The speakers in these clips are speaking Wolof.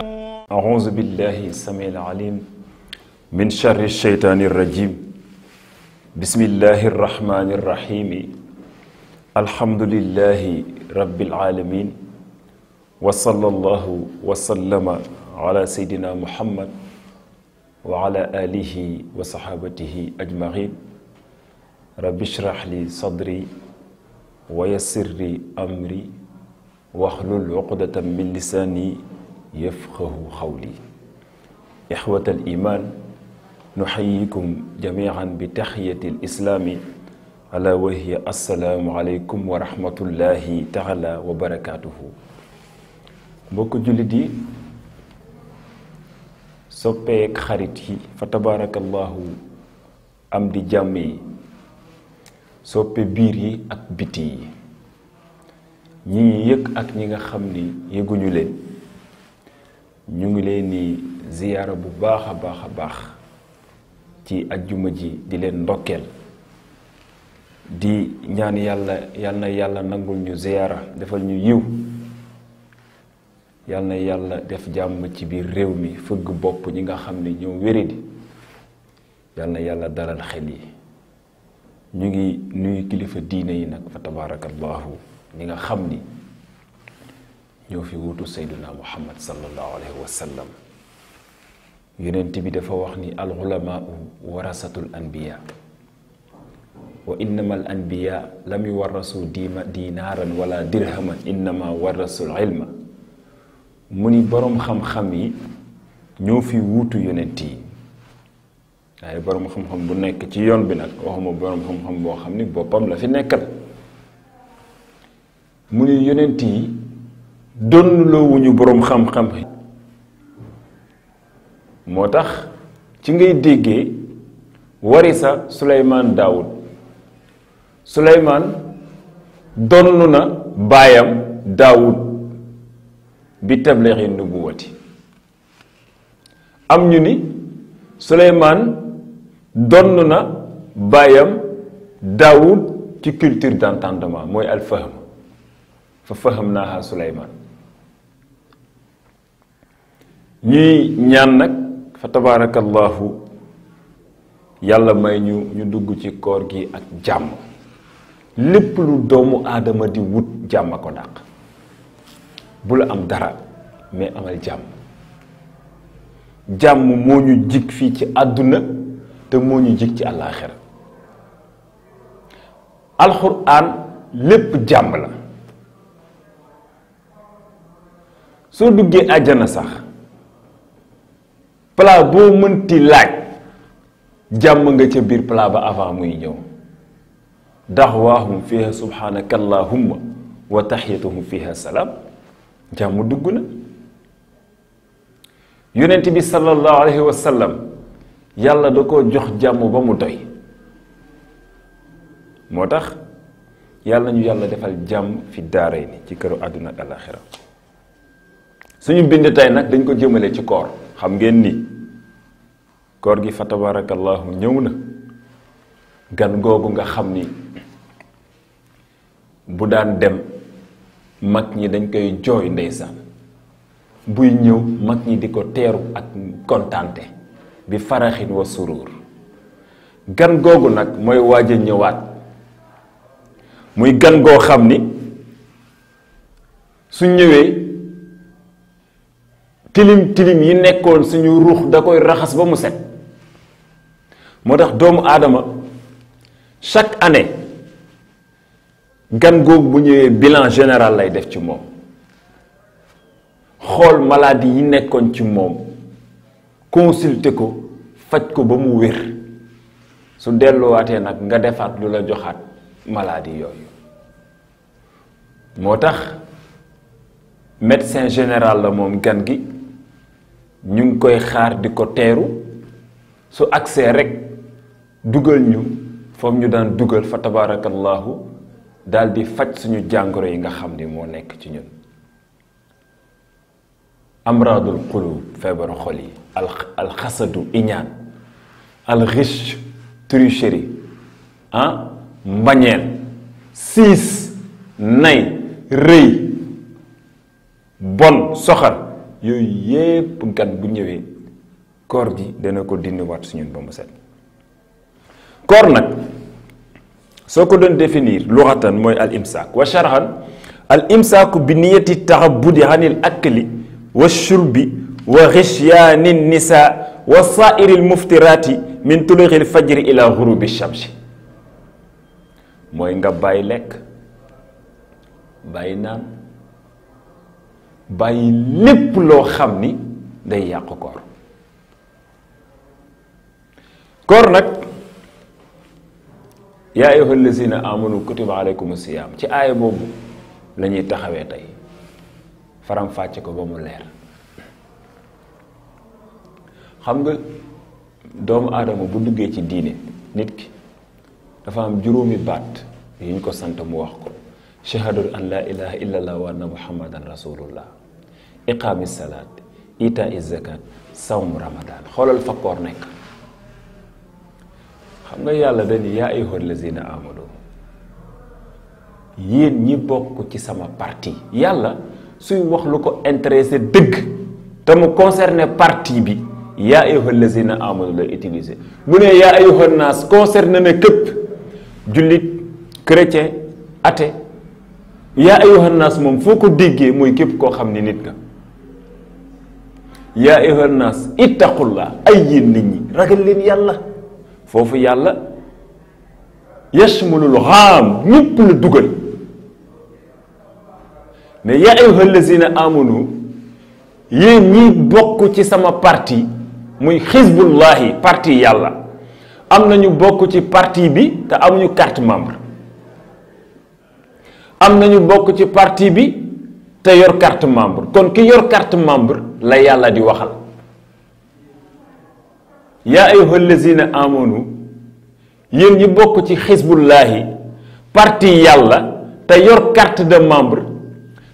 أعوذ بالله السميع العليم من شر الشيطان الرجيم بسم الله الرحمن الرحيم الحمد لله رب العالمين وصلى الله وسلم على سيدنا محمد وعلى آله وصحابته أجمعين رب اشرح لي صدري ويسر لي أمري واحلل عقدة من لساني يفقه قولي إخوة الإيمان نحييكم جميعا بتحية الإسلام على وهي السلام عليكم ورحمة الله تعالى وبركاته بك جلدي سبيك خريتي فتبارك الله أمدي جامي سوبي بيري أك بيتي ñi yëg ak ñi nga ñu ngi leen di ziyaara bu baax a baax a baax ci ajjuma ji di leen ndokkeel di ñaan yàlla yal na yàlla nangul ñu ziyaara defal ñu yiw yal na yàlla def jàmm ci biir réew mi fëgg bopp ñi nga xam ni ñoo wéradi yal yàlla dalal xel yi ñu ngi nuyu kilifa diine yi nag fa tabaarakallaahu ñi nga xam ni ñoo fi wuutu sayduna muhammad sallallahu alayhi wa sallam yonent bi dafa wax ni al ulama warasatul anbiya wa innama al anbiya lam yuwarrasu diima dinaaran wala dirhaman innama al ilma muni borom xam-xam yi ñoo fi wuutu yonent yi ay borom xam-xam bu nekk ci yoon bi nag waxuma borom xam-xam boo xam ni boppam la fi nekkal muni ni yonent yi donnloowuñu boroom xam-xam moo tax ci ngay déggee warisa Suleymaan Daawud Suleymaan donn na baayam Daawud bi tabliixi nubuwati am ñu ni Suleymaan donn na baayam Daawud ci culture d'entendement mooy alfaham fa faham naaha Suleymaan ñuy ñaan nag fa tabaarakallaahu yàlla may ñu ñu dugg ci koor gi ak jàmm lépp lu doomu aadama di wut jàmm a ko dàq bu la am dara mais amal jàmm jàmm moo ñu jig fii ci àdduna te moo ñu jig ci àllaaxira alxuraan lépp jàmm la soo duggee àjjana sax plat boo mënti laaj jàmm nga ca biir plat ba avant muy ñëw daxwaahum fiha subhanaka allahumma wa taxiyatuhum fiha salaam jàmm dugg na yonent bi sallallahu alayhi wa yàlla da ko jox jàmm ba mu doy moo tax yàlla ñu yàlla defal jàmm fi daaray ni ci këru àdduna ak alaxira suñu bind tey nag dañ ko jëmale ci koor xam ngeen ni koor gi fa tabarakallahu ñëw na gan googu nga xam ni bu daan dem mag ñi dañ koy jooy ndeysaan buy ñëw mag ñi di ko teeru ak kontaante bi faraxin wa suruur gan googu nag mooy waaj a ñëwaat muy gan goo xam ni su ñëwee tilim tilim yi nekkoon suñu ruux da koy raxas ba mu set moo tax doomu aadama chaque année gan googu bu ñëwee bilan général lay def ci moom xool maladie yi nekkoon ci moom consulter ko faj ko ba mu wér su delluwaatee nag nga defaat lu la joxaat maladie yooyu moo tax médecin général la moom gan gi ñu ngi koy xaar di ko teeru su agsee rek dugal ñu foom ñu daan dugal fa tabaarakallaahu daal faj suñu jàngoro yi nga xam ni moo nekk ci ñun amraadul qulub feebaru xol yi alxasadu iñaan alxiche tricherie ah mbañeel siis nay rëy bon soxar yooyu yépp gan bu ñëwee koor gi dana ko dindiwaat su ñun ba mu set koor nag soo ko doon définir luxatan mooy al imsaak wa sharhan al imsaaku bi niyati taxabudi anil akli wa shurbi wa xichyaani nisa wa saairi l muftiraati min tuluxi l fajri ila xurubi shamsi mooy nga bàyyi lekk bàyyi naan bàyyi lépp loo xam ni day yàq koor koor nag yaa ayyuha allazina amanu kutiba aleykum siyaam ci aaya boobu la ñuy taxawee tey faram fàcce ko ba mu leer xam nga doomu aadama bu duggee ci diine nit ki dafa am juróomi baat yu ñu ko sant mu wax ko shahadatu an laa ilaha illa allah wa anna muhammadan rasulullah iqaami salaat ita is zakat sawm ramadan xoolal fa koor nekk xam nga yàlla dañu yaa ayyuhal lazina amanu yéen ñi bokk ci sama parti yàlla suy wax lu ko intéressé dëgg te mu concerné parti bi yaa ayyuhal lazina amanu la utiliser mu ne yaa ayyuhan naas concerné na képp jullit chrétien athée yaa ayyuhan naas moom foo ko déggee mooy képp koo xam ni nit nga ya ayyuhan naas ittaqullah ay yéen nit ñi ragal leen yàlla foofu yàlla yashmulul xaam ñëpp la dugal ne yaa ayyuhal lazina amanu yéen ñi bokk ci sama parti muy xisbullahi parti yàlla am nañu bokk ci parti bi te amuñu carte membre am nañu bokk ci parti bi te yor carte membre kon ki yor carte membre la yàlla di waxal yaa ayyuhal lazina amanu yéen ñi bokk ci xisbullaahi parti yàlla te yor carte de membre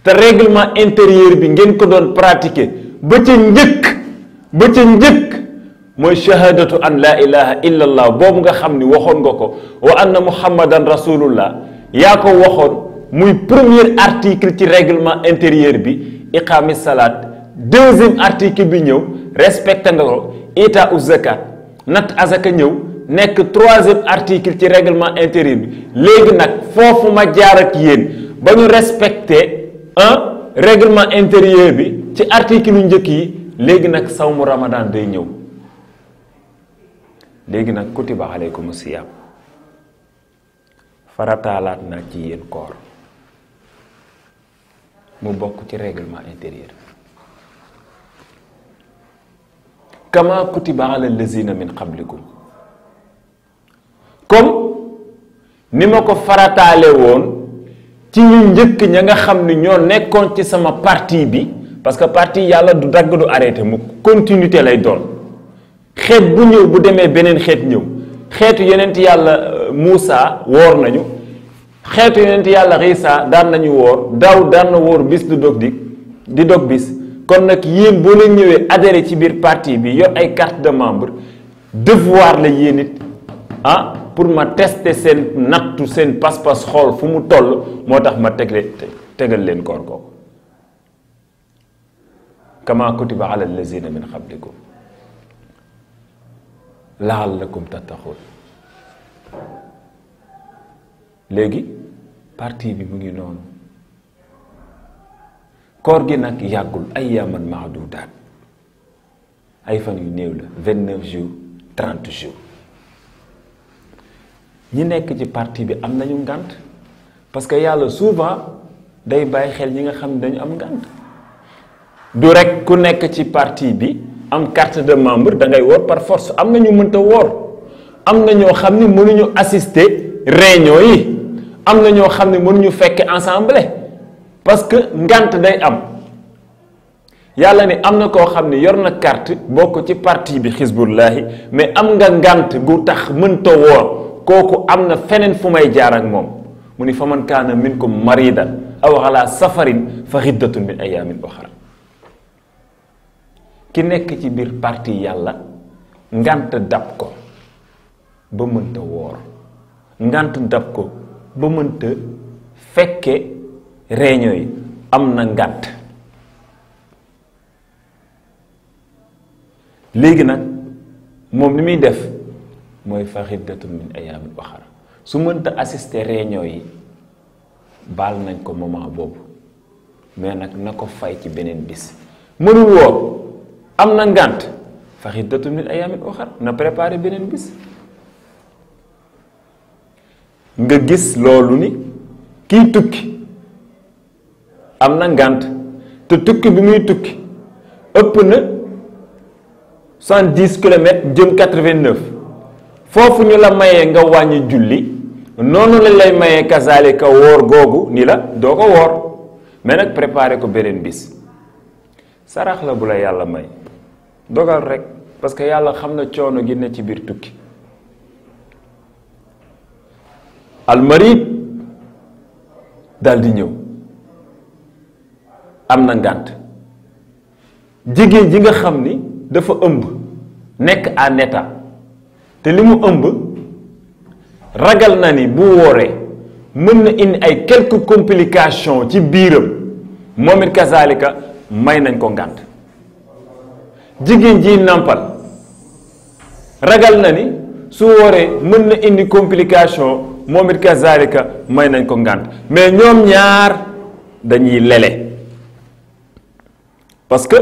te réglement intérieur bi ngeen ko doon pratiquer ba ca njëkk ba ca njëkk mooy shahadatu an laa ilaha illallah boobu nga xam ni waxoon nga ko wa anna muhammadan rasulullah yaa ko waxoon muy premier article ci règlement intérieur bi iqaami salaat deuxième article bi ñëw respecté nga ko état zakat Nat azaka ñëw nekk troisième article ci règlement intérieur bi léegi nag foofu ma jaar ak yéen ba respecter un règlement intérieur bi ci article yu njëkk yi léegi nag sawmu ramadan day ñew légui nak kutiba aleykum siyaam farataalaat na ci yeen koor mu bokk ci règlement intérieur kama kutiba ala lazina min qablikum comme ni ma ko farataale woon ci ñu njëkk ña nga xam ni ñoo nekkoon ci sama partie bi parce que partie yàlla du dagg du arrêté mu continuité lay doon xeet bu ñëw bu demee beneen xeet ñëw xeetu yeneen ti yàlla euh, Muusa woor nañu xeetu yonent yàlla xiisa daan nañu woor daw daan na wóor bis du dog di di dog bis kon nag yéen boo leen ñëwee adhéré ci biir parti bi yor ay carte de membre devoir la yéen it ah pour ma testé seen nattu seen pas-pas xool fu mu toll moo tax ma tegle tegal leen koor kooku kama kutiba ala lazina min qablikum lakum tattaxuun legi parti bi mu ngi non koor gi nak yagul ay yaaman ay fan yu neew la 29 jours 30 jours ñi nek ci parti bi am nañu pas parce que yalla souvent day bay xel ñi nga xam dañu am ngant du rek ku nek ci parti bi am carte de membre da ngay wor par force am na ñu mënta wor am na ñoo xam ne assister réunion yi am na ñoo xam ne mënuñu fekk ensemble parce que ngant day am yalla ni am ko koo na carte bokku ci parti bi hizbullah mais am nga ngant gu tax mën to wo am na fenen fu may jaar ak mom muni faman kana minkum marida aw ala safarin fa xiddatun min ayamin ukhra ki nek ci bir parti yalla ngant dab ko ba to woor ngant dab ko ba mënta fekke réunion yi am na ngànt léegi nag moom li muy def mooy faxidatun min ayaamin uxar su mënta assister réunion yi baal nañ ko moment boobu mais nag na ko fay ci beneen bis mënul woor am na ngànt faxidatun min ayaamin uxar na préparé beneen bis nga gis loolu ni kiy tukki am na te tukki bi muy tukki ëpp na cent km jëm 89 foofu ñu la mayee nga wàññi julli noonu la lay mayee kasaale ka woor googu ni la doo ko woor mais nag préparé ko beneen bis sarax la bu la yàlla may dogal rek parce que yàlla xam na coono gi ne ci biir tukki almarid daldi di ñëw am na ngànt jigéen ji nga xam ni dafa ëmb nekk en état te li mu ëmb ragal na ni bu wooree mën na indi ay quelques complications ci biiram moom it kazaalika may nañ ko ngànt jigéen ji nàmpal ragal na ni su wooree mën na indi complication moom it kazalika may nañ ko ngànt mais ñoom ñaar dañuy lele parce que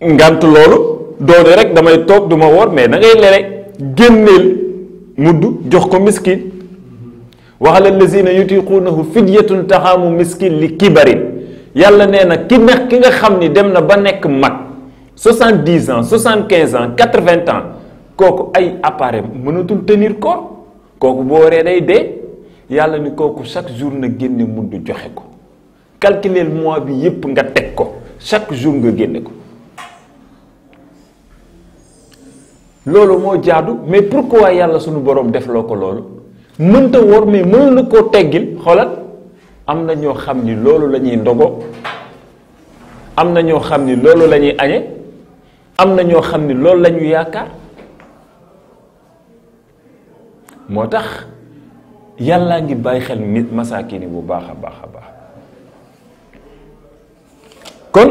ngànt loolu doone rek damay toog duma ma woor mais da ngay lele génneel mudd jox ko miskin waxal allazina yutiquunahu fidyatun taxaamu miskin li kibarin yàlla nee na ki nekk ki nga xam ni dem na ba nekk mag soixante dix ans soixante quinze ans quatre vingt ans kooku ay appareil mënatul tenir corps kooku boo waree day dee yàlla ni kooku chaque jour na génne mudd joxe ko calculer mois bi yépp nga teg ko chaque jour nga génne ko loolu moo jaadu mais pourquoi yàlla sunu borom def loo ko loolu mënta wor mais mënul na koo teggil xoolal am na ñoo xam ni loolu la ñuy ndogo am na ñoo xam ni loolu la ñuy añe am na ñoo xam ni loolu la yaakaar moo tax yàllaa ngi bàyyi xel nit masaakini bu baax a baax a baax kon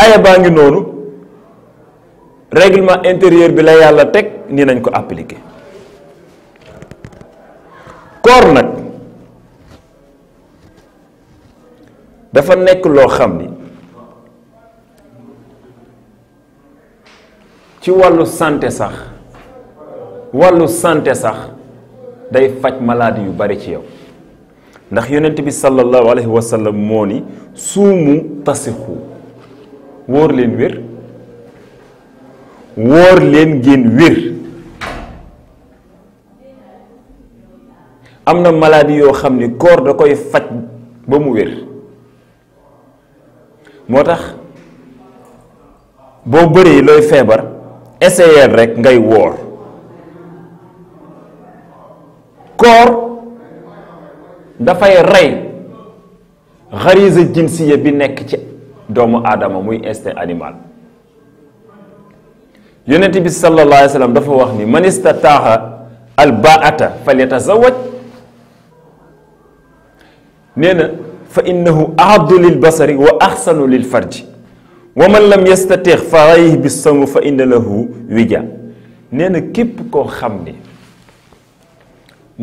aaya baa ngi noonu règlement intérieur bi la yàlla teg ni nañ ko appliquer koor nag dafa nekk loo xam ni ci wàllu sante sax walu santé sax day fajj malade yu bari ci yow ndax yonent bi sallallahu alayhi wa sallam moni sumu tasihu wor len wér wor len gen wér amna malade yo xamni xam koor da koy fajj ba mu wér motax bo beure loy febar essayer rek ngay wor كور دا فاي ري غريزه جنسيه بي نيك تي دومو ادمه موي است انيمال يونتي بي صلى الله عليه وسلم دا فا واخني من استطاع الباءه فليتزوج نينا فانه اعد للبصر واحسن للفرج ومن لم يستطع فعليه بالصوم فان له وجا نينا كيب كو خامني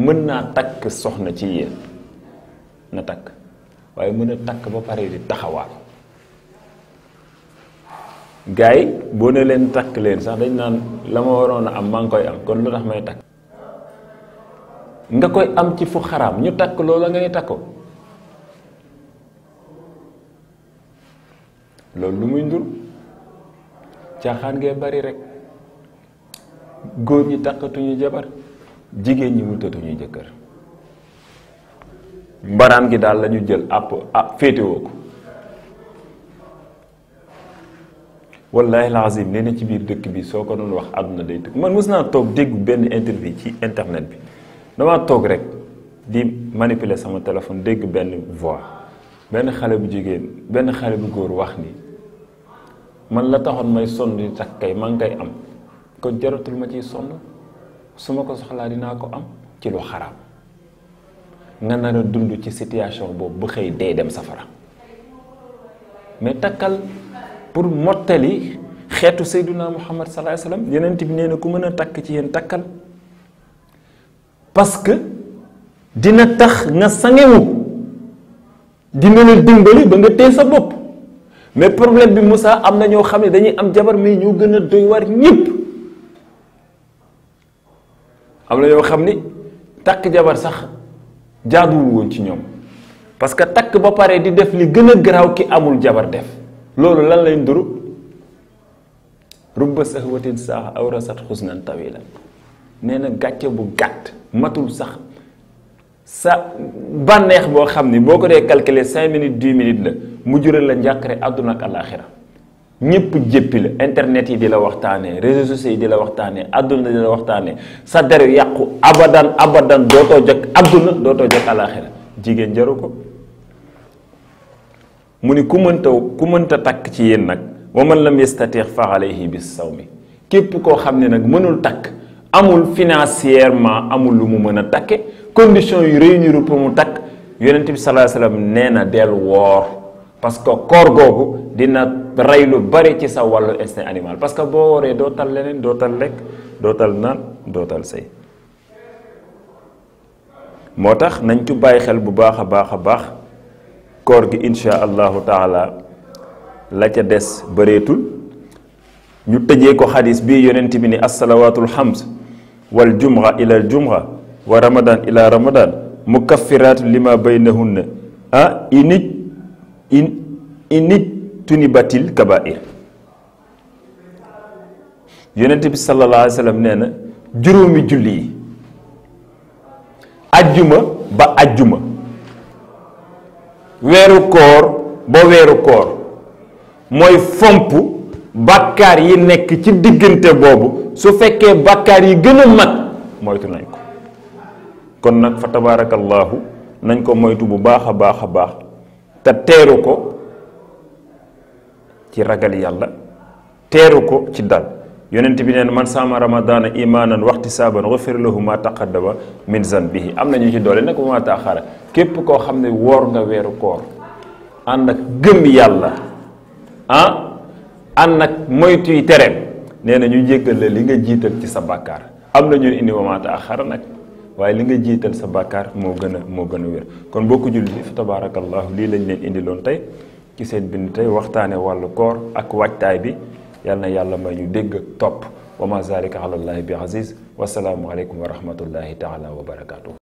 mën naa takk soxna ci yéen na takk waaye mën a takk ba pare di taxawaal gars yi boo ne leen takk leen sax dañ naan la ma waroon a am maa ngi koy am kon lu tax may takk nga koy am ci fu xaraam ñu takk loola ngay takko loolu lu muy ndur caaxaan ngee bari rekk góor ñi takkatuñu jabar jigéen ñi mu tëtuñu jëkkër mbaraan gi daal lañu jël àpp àpp féetewoo ko wallahi lazim nee na ci biir dëkk bi soo ko doon wax àdduna day tëgg man mës naa toog dégg benn interview ci internet bi damaa toog rek di manipule sama téléphone dégg benn voix benn xale bu jigéen benn xale bu góor wax ni man la taxoon may sonn di takk kay maa ngi am kon jaratul ma ciy sonn su ma ko soxlaa dinaa ko am ci lu xaraam nga nar dund ci situation boobu bu xëy dee dem safara mais takkal pour mottali xeetu sayduna muhammad sallallahu alayhi wasallam yeneen bi nee na ku mën a takk ci yéen takkal parce que dina tax nga sangewu dina la dimbali ba nga téye sa bopp mais problème bi Moussa am na ñoo xam ne dañuy am jabar mais ñoo gën a doy war ñëpp am na yoo xam ni takk jabar sax jaaduwul woon ci ñoom parce que takk ba pare di def li gën a garaaw ki amul jabar def loolu lan lay nduru rubba sahwatin saa awrasat xusnan tawila nee na gàcce bu gàtt matul sax sa bànneex boo xam ni boo ko dee calculer cinq minutes dix minutes la mu jural la njàqare àdduna ak àllaaxira ñëpp jéppi la internet yi di la waxtaanee réseaux sociaux yi di la waxtaanee adduna di la waxtaanee sa der yàqu abadan abadan dootoo jëkk adduna dootoo jëkk alaxira jigéen jaru ko mu ni ku mënta ku mënta takk ci yéen nag mën la lam yastatix fa alayhi bis saw mi képp koo xam ne nag mënul takk amul financièrement amul lu mu mën a takke condition yu réunir pour mu takk yonent bi sallallahu alayhi nee na del woor parce que koor googu dina rey lu bari ci sa wàllu instinct animal parce que boo waree doo tal leneen doo tal lekk doo tal naan doo tal sëy moo tax nañ ci bàyyi xel bu baax a baax a baax koor gi insha allahu taala la ca des bëreetul ñu tëjee ko xadis bii yonent bi ni assalawaatul xams wal jumra ila al jumra wa ramadan ila ramadan mukaffiraatu lima baynahunna ah inij init tunibatil kabair yonent bi sallallahu alayhi wa nee na juróomi julli yi ajjuma ba ajjuma weeru koor ba weeru koor mooy fomp bàkkaar yi nekk ci diggante boobu su fekkee bàkkaar yi gën mag moytu nañ ko kon nag fa tabaarakallaahu nañ ko moytu bu baax a baax a baax te teeru ko ci ragal yàlla teeru ko ci dal yonent bi neen man saama ramadana imaanan waxti saaban xafir lahu ma taqaddama min zanbihi am na ñu ci doole nag bu ma taaxaara képp koo xam ne woor nga weeru koor ànd ak gëm yàlla ah ànd ak moytuy tereem nee na ñu jéggal la li nga jiital ci sa bàkkaar am na ñu indi wa ma taaxaara nag waaye li nga jiital sa bàkkaar moo gën a moo gën a wér kon bokku jullit yi fa tabaarakallaahu lii lañ leen indiloon tey ci seen bind tey waxtaane wàllu koor ak waajtaay bi yal na yàlla may ñu dégg topp wa ma zalika alallaahi bi aziz wasalaamualeykum wa rahmatullahi taala wa barakaatu.